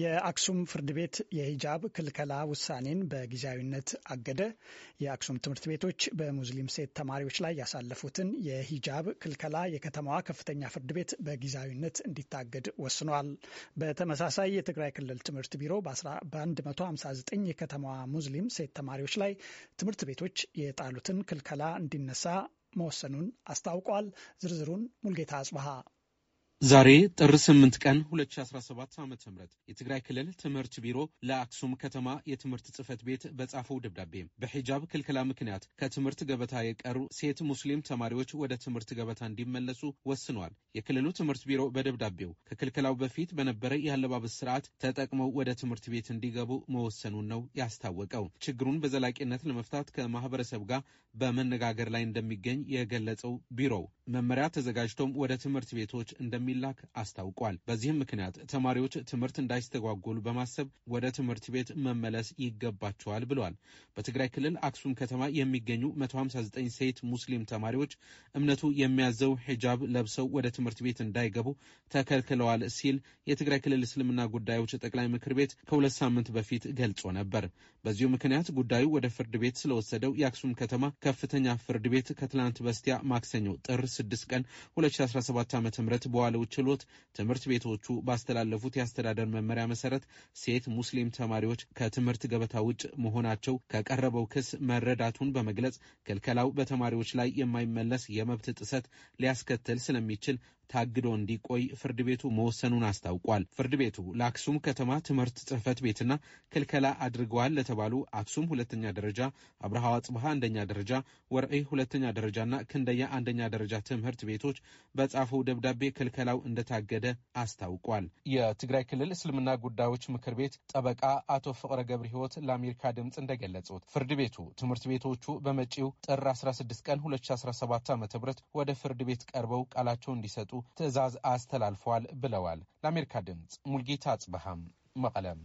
የአክሱም ፍርድ ቤት የሂጃብ ክልከላ ውሳኔን በጊዜያዊነት አገደ። የአክሱም ትምህርት ቤቶች በሙስሊም ሴት ተማሪዎች ላይ ያሳለፉትን የሂጃብ ክልከላ የከተማዋ ከፍተኛ ፍርድ ቤት በጊዜያዊነት እንዲታገድ ወስኗል። በተመሳሳይ የትግራይ ክልል ትምህርት ቢሮ በ159 የከተማዋ ሙስሊም ሴት ተማሪዎች ላይ ትምህርት ቤቶች የጣሉትን ክልከላ እንዲነሳ መወሰኑን አስታውቋል። ዝርዝሩን ሙልጌታ አጽበሃ ዛሬ ጥር 8 ቀን 2017 ዓ ም የትግራይ ክልል ትምህርት ቢሮ ለአክሱም ከተማ የትምህርት ጽህፈት ቤት በጻፈው ደብዳቤ በሒጃብ ክልክላ ምክንያት ከትምህርት ገበታ የቀሩ ሴት ሙስሊም ተማሪዎች ወደ ትምህርት ገበታ እንዲመለሱ ወስኗል። የክልሉ ትምህርት ቢሮ በደብዳቤው ከክልክላው በፊት በነበረ የአለባበስ ስርዓት ተጠቅመው ወደ ትምህርት ቤት እንዲገቡ መወሰኑን ነው ያስታወቀው። ችግሩን በዘላቂነት ለመፍታት ከማህበረሰብ ጋር በመነጋገር ላይ እንደሚገኝ የገለጸው ቢሮው መመሪያ ተዘጋጅቶም ወደ ትምህርት ቤቶች እንደሚ እንደሚላክ አስታውቋል። በዚህም ምክንያት ተማሪዎች ትምህርት እንዳይስተጓጎሉ በማሰብ ወደ ትምህርት ቤት መመለስ ይገባቸዋል ብለዋል። በትግራይ ክልል አክሱም ከተማ የሚገኙ 159 ሴት ሙስሊም ተማሪዎች እምነቱ የሚያዘው ሂጃብ ለብሰው ወደ ትምህርት ቤት እንዳይገቡ ተከልክለዋል ሲል የትግራይ ክልል እስልምና ጉዳዮች ጠቅላይ ምክር ቤት ከሁለት ሳምንት በፊት ገልጾ ነበር። በዚሁ ምክንያት ጉዳዩ ወደ ፍርድ ቤት ስለወሰደው የአክሱም ከተማ ከፍተኛ ፍርድ ቤት ከትላንት በስቲያ ማክሰኞ ጥር 6 ቀን 2017 ዓ ም በዋለ ያለው ችሎት ትምህርት ቤቶቹ ባስተላለፉት የአስተዳደር መመሪያ መሰረት ሴት ሙስሊም ተማሪዎች ከትምህርት ገበታ ውጭ መሆናቸው ከቀረበው ክስ መረዳቱን በመግለጽ ክልከላው በተማሪዎች ላይ የማይመለስ የመብት ጥሰት ሊያስከትል ስለሚችል ታግዶ እንዲቆይ ፍርድ ቤቱ መወሰኑን አስታውቋል። ፍርድ ቤቱ ለአክሱም ከተማ ትምህርት ጽህፈት ቤትና ክልከላ አድርገዋል ለተባሉ አክሱም ሁለተኛ ደረጃ፣ አብርሃ ጽብሃ አንደኛ ደረጃ፣ ወርዒ ሁለተኛ ደረጃና ክንደያ አንደኛ ደረጃ ትምህርት ቤቶች በጻፈው ደብዳቤ ክልከላው እንደታገደ አስታውቋል። የትግራይ ክልል እስልምና ጉዳዮች ምክር ቤት ጠበቃ አቶ ፍቅረ ገብረ ህይወት ለአሜሪካ ድምፅ እንደገለጹት ፍርድ ቤቱ ትምህርት ቤቶቹ በመጪው ጥር 16 ቀን 2017 ዓ ም ወደ ፍርድ ቤት ቀርበው ቃላቸው እንዲሰጡ ትዕዛዝ አስተላልፈዋል ብለዋል። ለአሜሪካ ድምፅ ሙልጌታ አጽበሃም መቀለም